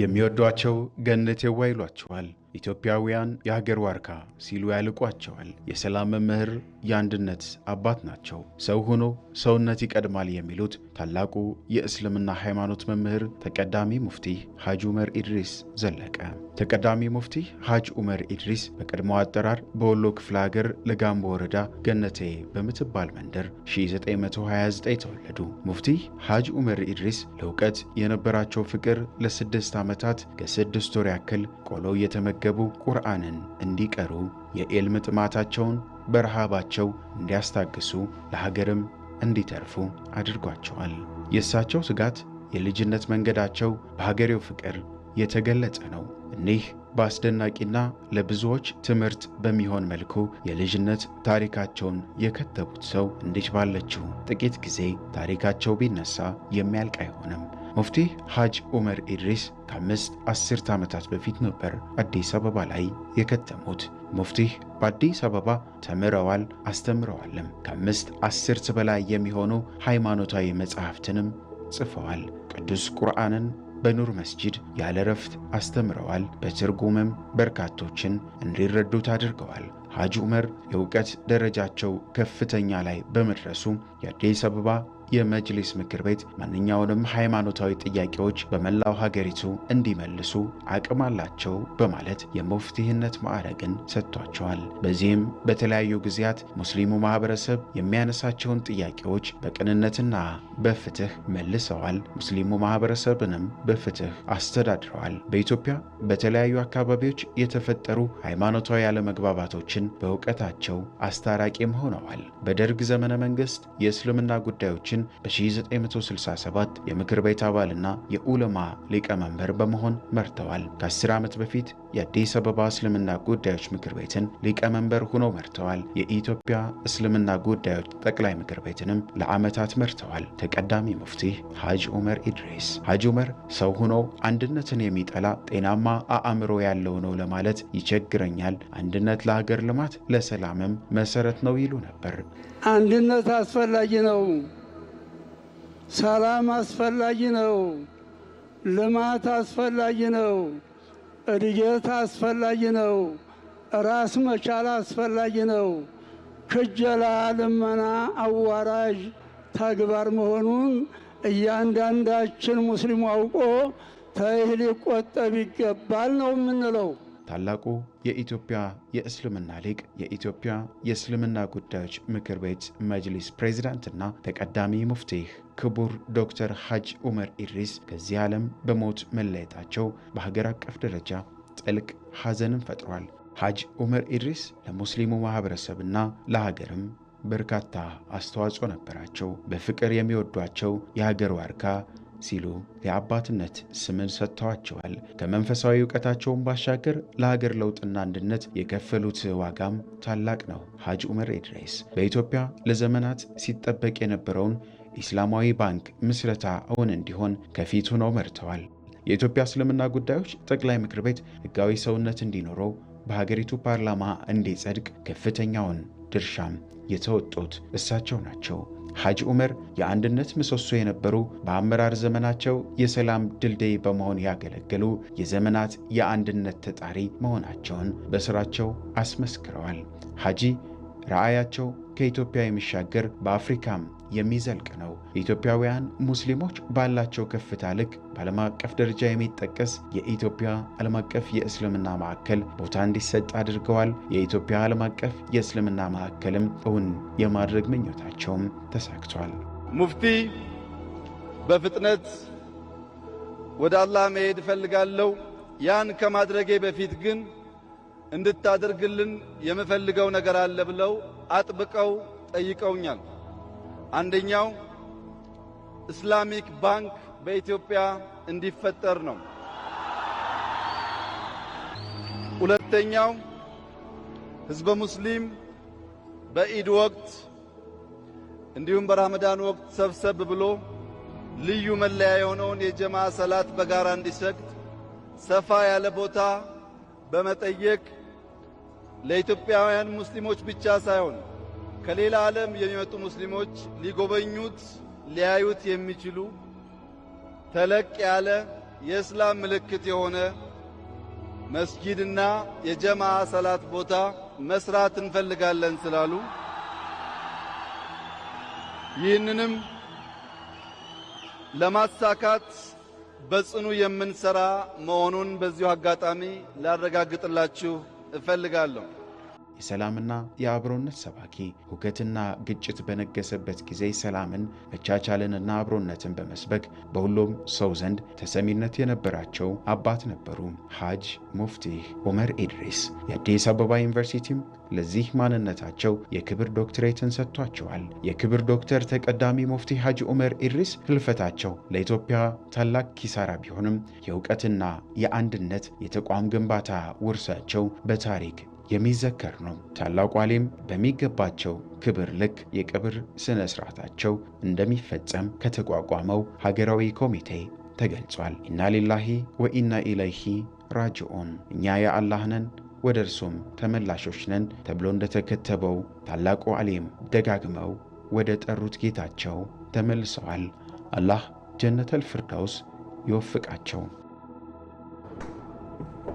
የሚወዷቸው ገነት የዋ ኢትዮጵያውያን የሀገር ዋርካ ሲሉ ያልቋቸዋል። የሰላም መምህር፣ የአንድነት አባት ናቸው። ሰው ሆኖ ሰውነት ይቀድማል የሚሉት ታላቁ የእስልምና ሃይማኖት መምህር ተቀዳሚ ሙፍቲ ሐጅ ዑመር ኢድሪስ ዘለቀ። ተቀዳሚ ሙፍቲ ሐጅ ዑመር ኢድሪስ በቀድሞ አጠራር በወሎ ክፍለ ሀገር ለጋምቦ ወረዳ ገነቴ በምትባል መንደር 1929 ተወለዱ። ሙፍቲ ሐጅ ዑመር ኢድሪስ ለእውቀት የነበራቸው ፍቅር ለስድስት ዓመታት ከስድስት ወር ያክል ቆሎ እየተመገ እንዲመገቡ ቁርአንን እንዲቀሩ የዕልም ጥማታቸውን በረሃባቸው እንዲያስታግሱ ለሀገርም እንዲተርፉ አድርጓቸዋል። የእሳቸው ስጋት የልጅነት መንገዳቸው በሀገሬው ፍቅር የተገለጸ ነው። እኒህ በአስደናቂና ለብዙዎች ትምህርት በሚሆን መልኩ የልጅነት ታሪካቸውን የከተቡት ሰው እንዲች ባለችው ጥቂት ጊዜ ታሪካቸው ቢነሳ የሚያልቅ አይሆንም። ሙፍቲ ሐጅ ዑመር ኢድሪስ ከአምስት አስርተ ዓመታት በፊት ነበር አዲስ አበባ ላይ የከተሙት። ሙፍቲ በአዲስ አበባ ተምረዋል፣ አስተምረዋልም። ከአምስት አስርት በላይ የሚሆኑ ሃይማኖታዊ መጻሕፍትንም ጽፈዋል። ቅዱስ ቁርአንን በኑር መስጂድ ያለ ረፍት አስተምረዋል። በትርጉምም በርካቶችን እንዲረዱት አድርገዋል። ሐጅ ዑመር የእውቀት ደረጃቸው ከፍተኛ ላይ በመድረሱ የአዲስ አበባ የመጅሊስ ምክር ቤት ማንኛውንም ሃይማኖታዊ ጥያቄዎች በመላው ሀገሪቱ እንዲመልሱ አቅም አላቸው በማለት የሙፍቲህነት ማዕረግን ሰጥቷቸዋል። በዚህም በተለያዩ ጊዜያት ሙስሊሙ ማህበረሰብ የሚያነሳቸውን ጥያቄዎች በቅንነትና በፍትህ መልሰዋል። ሙስሊሙ ማህበረሰብንም በፍትህ አስተዳድረዋል። በኢትዮጵያ በተለያዩ አካባቢዎች የተፈጠሩ ሃይማኖታዊ አለመግባባቶችን በእውቀታቸው አስታራቂም ሆነዋል። በደርግ ዘመነ መንግስት የእስልምና ጉዳዮችን በ1967 የምክር ቤት አባልና የኡለማ ሊቀመንበር በመሆን መርተዋል። ከ10 ዓመት በፊት የአዲስ አበባ እስልምና ጉዳዮች ምክር ቤትን ሊቀመንበር ሆነው መርተዋል። የኢትዮጵያ እስልምና ጉዳዮች ጠቅላይ ምክር ቤትንም ለዓመታት መርተዋል። ተቀዳሚ ሙፍቲ ሐጅ ዑመር ኢድሪስ። ሐጅ ዑመር ሰው ሆኖ አንድነትን የሚጠላ ጤናማ አእምሮ ያለው ነው ለማለት ይቸግረኛል። አንድነት ለሀገር ልማት ለሰላምም መሰረት ነው ይሉ ነበር። አንድነት አስፈላጊ ነው። ሰላም አስፈላጊ ነው። ልማት አስፈላጊ ነው። እድገት አስፈላጊ ነው። ራስ መቻል አስፈላጊ ነው። ክጀላ፣ ልመና አዋራጅ ተግባር መሆኑን እያንዳንዳችን ሙስሊሙ አውቆ ተይህ ሊቆጠብ ይገባል ነው የምንለው። ታላቁ የኢትዮጵያ የእስልምና ሊቅ የኢትዮጵያ የእስልምና ጉዳዮች ምክር ቤት መጅሊስ ፕሬዚዳንትና ተቀዳሚ ሙፍቲህ ክቡር ዶክተር ሐጅ ዑመር ኢድሪስ ከዚህ ዓለም በሞት መለየታቸው በሀገር አቀፍ ደረጃ ጥልቅ ሐዘንን ፈጥሯል። ሐጅ ዑመር ኢድሪስ ለሙስሊሙ ማኅበረሰብና ለሀገርም በርካታ አስተዋጽኦ ነበራቸው። በፍቅር የሚወዷቸው የሀገር ዋርካ ሲሉ የአባትነት ስምን ሰጥተዋቸዋል። ከመንፈሳዊ እውቀታቸውን ባሻገር ለሀገር ለውጥና አንድነት የከፈሉት ዋጋም ታላቅ ነው። ሐጅ ዑመር ኢድሪስ በኢትዮጵያ ለዘመናት ሲጠበቅ የነበረውን ኢስላማዊ ባንክ ምስረታ እውን እንዲሆን ከፊት ሆነው መርተዋል። የኢትዮጵያ እስልምና ጉዳዮች ጠቅላይ ምክር ቤት ሕጋዊ ሰውነት እንዲኖረው በሀገሪቱ ፓርላማ እንዲጸድቅ ከፍተኛውን ድርሻም የተወጡት እሳቸው ናቸው። ሐጅ ዑመር የአንድነት ምሰሶ የነበሩ በአመራር ዘመናቸው የሰላም ድልድይ በመሆን ያገለገሉ የዘመናት የአንድነት ተጣሪ መሆናቸውን በሥራቸው አስመስክረዋል። ሐጂ ራዕያቸው ከኢትዮጵያ የሚሻገር በአፍሪካም የሚዘልቅ ነው። ኢትዮጵያውያን ሙስሊሞች ባላቸው ከፍታ ልክ በዓለም አቀፍ ደረጃ የሚጠቀስ የኢትዮጵያ ዓለም አቀፍ የእስልምና ማዕከል ቦታ እንዲሰጥ አድርገዋል። የኢትዮጵያ ዓለም አቀፍ የእስልምና ማዕከልም እውን የማድረግ ምኞታቸውም ተሳክቷል። ሙፍቲ በፍጥነት ወደ አላህ መሄድ እፈልጋለሁ። ያን ከማድረጌ በፊት ግን እንድታደርግልን የምፈልገው ነገር አለ ብለው አጥብቀው ጠይቀውኛል። አንደኛው ኢስላሚክ ባንክ በኢትዮጵያ እንዲፈጠር ነው። ሁለተኛው ህዝበ ሙስሊም በኢድ ወቅት እንዲሁም በራመዳን ወቅት ሰብሰብ ብሎ ልዩ መለያ የሆነውን የጀማ ሰላት በጋራ እንዲሰግድ ሰፋ ያለ ቦታ በመጠየቅ ለኢትዮጵያውያን ሙስሊሞች ብቻ ሳይሆን ከሌላ ዓለም የሚመጡ ሙስሊሞች ሊጎበኙት ሊያዩት የሚችሉ ተለቅ ያለ የእስላም ምልክት የሆነ መስጂድና የጀማዓ ሰላት ቦታ መስራት እንፈልጋለን ስላሉ ይህንንም ለማሳካት በጽኑ የምንሰራ መሆኑን በዚሁ አጋጣሚ ላረጋግጥላችሁ እፈልጋለሁ። የሰላምና የአብሮነት ሰባኪ ሁከትና ግጭት በነገሰበት ጊዜ ሰላምን፣ መቻቻልንና አብሮነትን በመስበክ በሁሉም ሰው ዘንድ ተሰሚነት የነበራቸው አባት ነበሩ። ሐጅ ሙፍቲ ዑመር ኢድሪስ የአዲስ አበባ ዩኒቨርሲቲም ለዚህ ማንነታቸው የክብር ዶክትሬትን ሰጥቷቸዋል። የክብር ዶክተር ተቀዳሚ ሙፍቲ ሐጅ ዑመር ኢድሪስ ህልፈታቸው ለኢትዮጵያ ታላቅ ኪሳራ ቢሆንም የእውቀትና የአንድነት የተቋም ግንባታ ውርሳቸው በታሪክ የሚዘከር ነው። ታላቁ ዓሊም በሚገባቸው ክብር ልክ የቅብር ሥነ ሥርዓታቸው እንደሚፈጸም ከተቋቋመው ሀገራዊ ኮሚቴ ተገልጿል። ኢና ሊላሂ ወኢና ኢለይሂ ራጅዑን እኛ የአላህ ነን ወደ እርሱም ተመላሾች ነን ተብሎ እንደተከተበው ታላቁ ዓሊም ደጋግመው ወደ ጠሩት ጌታቸው ተመልሰዋል። አላህ ጀነተል ፍርዳውስ ይወፍቃቸው።